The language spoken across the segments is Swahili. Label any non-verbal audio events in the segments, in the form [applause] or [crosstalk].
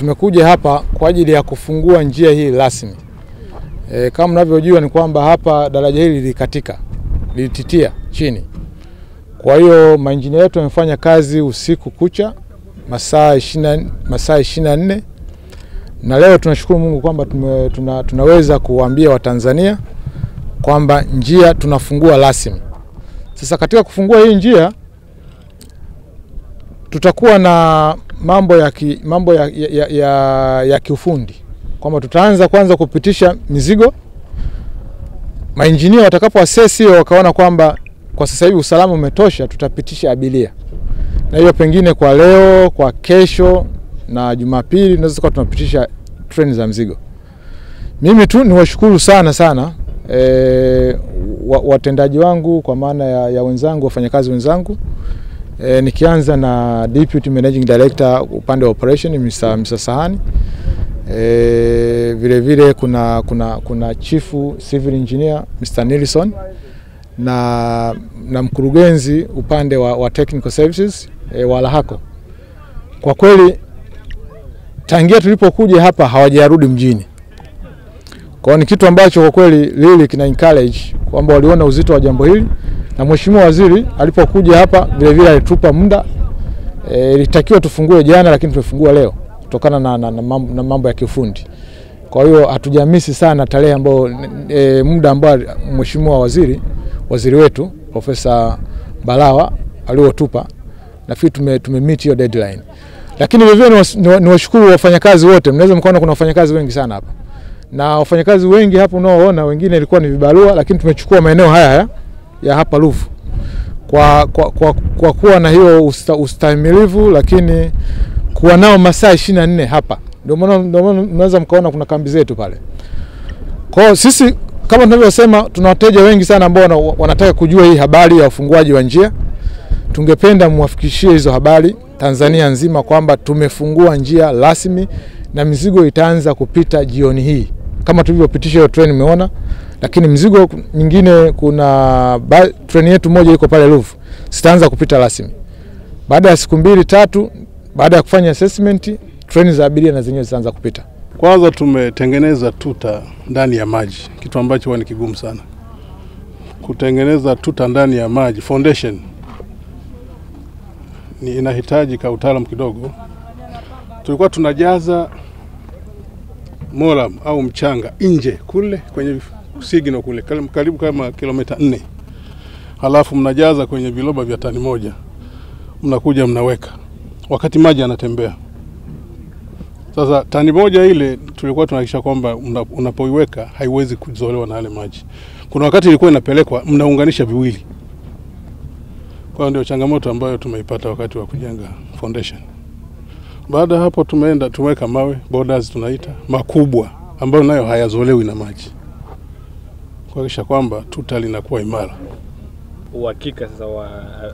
Tumekuja hapa kwa ajili ya kufungua njia hii rasmi. E, kama mnavyojua ni kwamba hapa daraja hili lilikatika, lilititia chini. Kwa hiyo mainjinia yetu wamefanya kazi usiku kucha masaa 20 masaa 24 na leo tunashukuru Mungu kwamba tuna, tunaweza kuwaambia Watanzania kwamba njia tunafungua rasmi. Sasa katika kufungua hii njia tutakuwa na mambo ya, ki, mambo ya, ya, ya, ya kiufundi kwamba tutaanza kwanza kupitisha mizigo mainjinia watakapo assess hiyo wakaona kwamba kwa sasa hivi usalama umetosha, tutapitisha abilia na hiyo pengine kwa leo, kwa kesho na Jumapili tunaweza tukawa tunapitisha treni za mzigo. Mimi tu niwashukuru sana sana e, watendaji wangu kwa maana ya, ya wenzangu wafanyakazi wenzangu E, nikianza na Deputy Managing Director upande wa operation Mr. Mr. Sahani. E, vile vile kuna, kuna, kuna Chief civil engineer Mr. Nilson na, na mkurugenzi upande wa, wa technical services e, wa Kwa kweli tangia tulipokuja hapa hawajarudi mjini. Kwa ni kitu ambacho kwa kweli lili kina encourage kwamba waliona uzito wa jambo hili na mheshimiwa waziri alipokuja hapa vile vile alitupa muda e, ilitakiwa tufungue jana lakini tumefungua leo kutokana na, na, na, na mambo ya kiufundi. Kwa hiyo hatujamisi sana tarehe ambayo e, muda ambao mheshimiwa waziri waziri wetu Profesa Balawa aliotupa, nafikiri tume, tume meet hiyo deadline. Lakini vile vile niwashukuru wafanyakazi wote, mnaweza mkaona kuna wafanyakazi wengi sana hapa na wafanyakazi wengi hapo unaoona wengine ilikuwa ni vibarua, lakini tumechukua maeneo haya haya ya hapa Ruvu kwa, kwa, kwa, kwa kuwa na hiyo usta, ustahimilivu lakini kuwa nao masaa ishirini na nne hapa. Ndio maana mnaweza mkaona kuna kambi zetu pale. Kwa sisi kama tunavyosema, tuna wateja wengi sana ambao wanataka kujua hii habari ya ufunguaji wa njia. Tungependa mwafikishie hizo habari Tanzania nzima kwamba tumefungua njia rasmi na mizigo itaanza kupita jioni hii kama tulivyopitisha hiyo treni, umeona lakini mzigo nyingine, kuna treni yetu moja iko pale Ruvu, sitaanza kupita rasmi baada ya siku mbili tatu, baada ya kufanya assessment, treni za abiria na zenyewe zitaanza kupita. Kwanza tumetengeneza tuta ndani ya maji, kitu ambacho huwa ni kigumu sana kutengeneza tuta ndani ya maji. Foundation ni inahitaji ka utaalamu kidogo. Tulikuwa tunajaza moram au mchanga nje kule kwenye Kusigino kule karibu kama kilomita nne, halafu mnajaza kwenye viloba vya tani moja, mnakuja mnaweka wakati maji anatembea. Sasa tani moja ile tulikuwa tunahakisha kwamba unapoiweka haiwezi kuzolewa na yale maji. Kuna wakati ilikuwa inapelekwa, mnaunganisha viwili. Kwa hiyo ndio changamoto ambayo tumeipata wakati wa kujenga foundation. Baada ya hapo, tumeenda tumeweka mawe borders tunaita makubwa, ambayo nayo hayazolewi na maji kuhakikisha kwamba tuta linakuwa imara. Uhakika sasa wa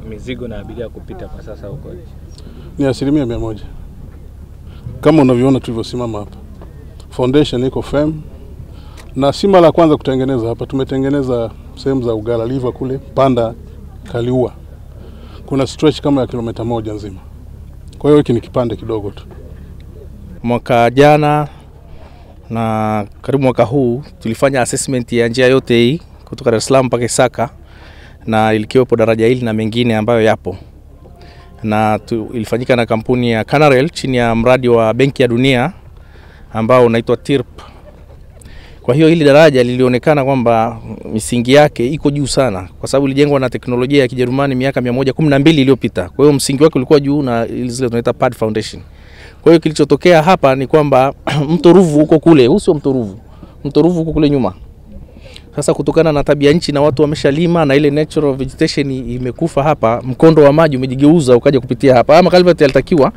mizigo na abiria kupita kwa sasa huko ni asilimia mia moja kama unavyoona tulivyosimama hapa, foundation iko firm na si mara ya kwanza kutengeneza hapa. Tumetengeneza sehemu za Ugala liva kule panda Kaliua, kuna stretch kama ya kilomita moja nzima. Kwa hiyo hiki ni kipande kidogo tu. Mwaka jana na karibu mwaka huu tulifanya assessment ya njia yote hii kutoka Dar es Salaam mpaka Isaka na ilikiwepo daraja hili na mengine ambayo yapo na tu, ilifanyika na kampuni ya Canarel chini ya mradi wa Benki ya Dunia ambao unaitwa TIRP. Kwa hiyo hili daraja lilionekana kwamba misingi yake iko juu sana, kwa sababu ilijengwa na teknolojia ya Kijerumani miaka 112 iliyopita. Kwa hiyo msingi wake ulikuwa juu na zile tunaita pad foundation. Kwa hiyo kilichotokea hapa ni kwamba [clears throat] mto Ruvu huko kule, huu sio mto Ruvu, mto Ruvu huko kule nyuma. Sasa kutokana na tabia nchi na watu wameshalima na ile natural vegetation imekufa hapa, mkondo wa maji umejigeuza ukaja kupitia hapa. ama makalvati yalitakiwa,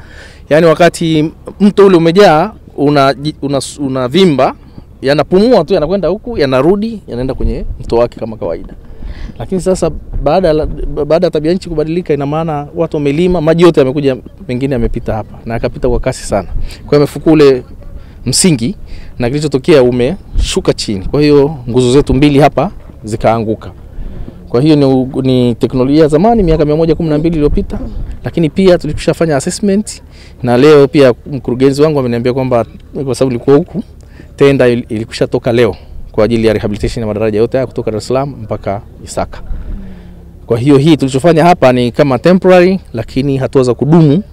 yani wakati mto ule umejaa una, una, una yanapumua tu, yanakwenda huku, yanarudi, yanaenda kwenye mto wake kama kawaida. Lakini sasa baada baada ya tabia nchi kubadilika, ina maana watu wamelima, maji yote yamekuja, mengine yamepita hapa na yakapita kwa kasi sana, kwa hiyo amefuku ule msingi na kilichotokea umeshuka chini, kwa hiyo nguzo zetu mbili hapa zikaanguka. Kwa hiyo ni, ni teknolojia ya zamani miaka 112 iliyopita, lakini pia tulikushafanya assessment na leo pia mkurugenzi wangu ameniambia kwamba kwa sababu ilikuwa huku tenda ilikushatoka leo kwa ajili ya rehabilitation ya madaraja yote haya kutoka Dar es Salaam mpaka Isaka. Kwa hiyo hii tulichofanya hapa ni kama temporary, lakini hatua za kudumu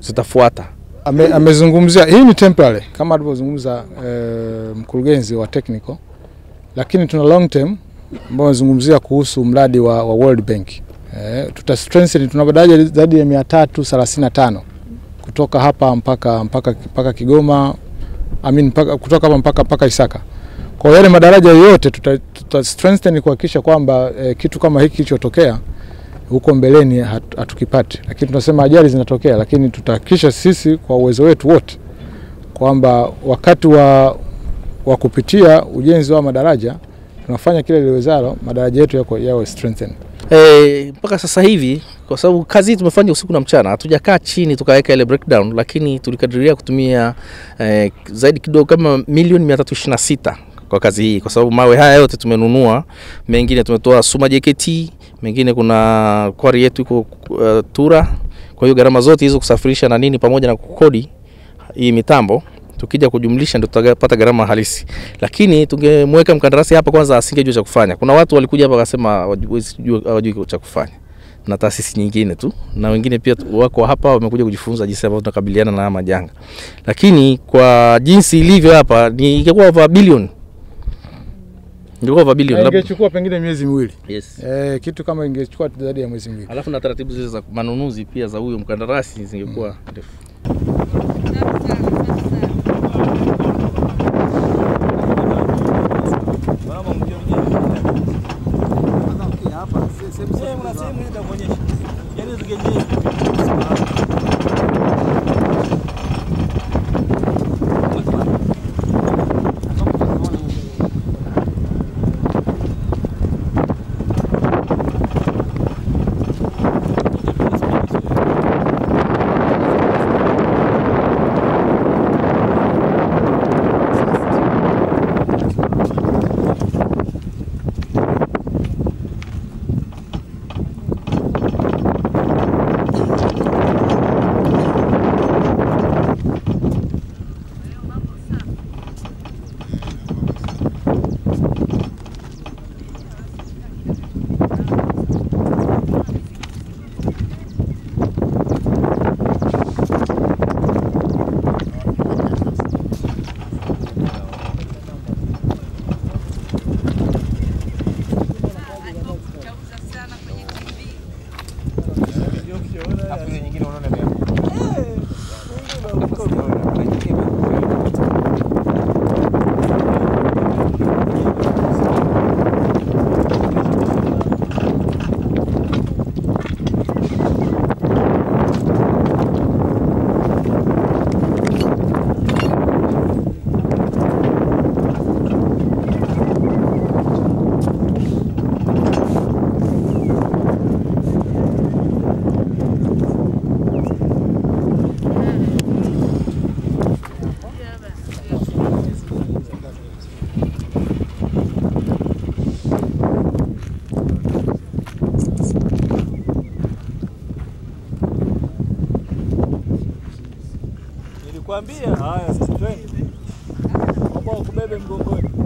zitafuata. Ame, amezungumzia hii ni temporary kama alivyozungumza eh, mkurugenzi wa technical, lakini tuna long term ambao amezungumzia kuhusu mradi wa, wa World Bank eh, tuta strengthen tuna madaraja zaidi ya 335 kutoka hapa mpaka mpaka mpaka Kigoma I mean, mpaka, kutoka hapa mpaka mpaka Isaka. Kwa yale madaraja yote tuta, tuta strengthen kuhakikisha kwamba e, kitu kama hiki kilichotokea huko mbeleni hat, hatukipati. Lakini tunasema ajali zinatokea, lakini tutahakikisha sisi kwa uwezo wetu wote kwamba wakati wa, wa kupitia ujenzi wa madaraja tunafanya kile liwezalo madaraja yetu yako yawe strengthen. Eh, mpaka sasa hivi kwa sababu kazi tumefanya usiku na mchana, hatujakaa chini tukaweka ile breakdown, lakini tulikadiria kutumia eh, zaidi kidogo kama milioni 326 kwa kazi hii, kwa sababu mawe haya yote tumenunua, mengine tumetoa Suma JKT, mengine kuna kwari yetu iko uh, Tura. Kwa hiyo gharama zote hizo kusafirisha na nini pamoja na kukodi hii mitambo tukija kujumlisha ndio tutapata gharama halisi, lakini tungemweka mkandarasi hapa kwanza, asingejua cha kufanya. Kuna watu walikuja hapa wakasema hawajui cha kufanya, na taasisi nyingine tu na wengine pia wako hapa wamekuja kujifunza jinsi ambavyo tunakabiliana na majanga, lakini kwa jinsi ilivyo hapa ni ingekuwa over bilioni Ilikuwa bilioni labda. Ingechukua pengine miezi miwili. Yes. Eh, kitu kama ingechukua zaidi ya mwezi miwili. Alafu na taratibu zile za manunuzi pia za huyo mkandarasi zingekuwa ndefu. Nilikwambia haya, twende. Naomba ukubebe mgongoni.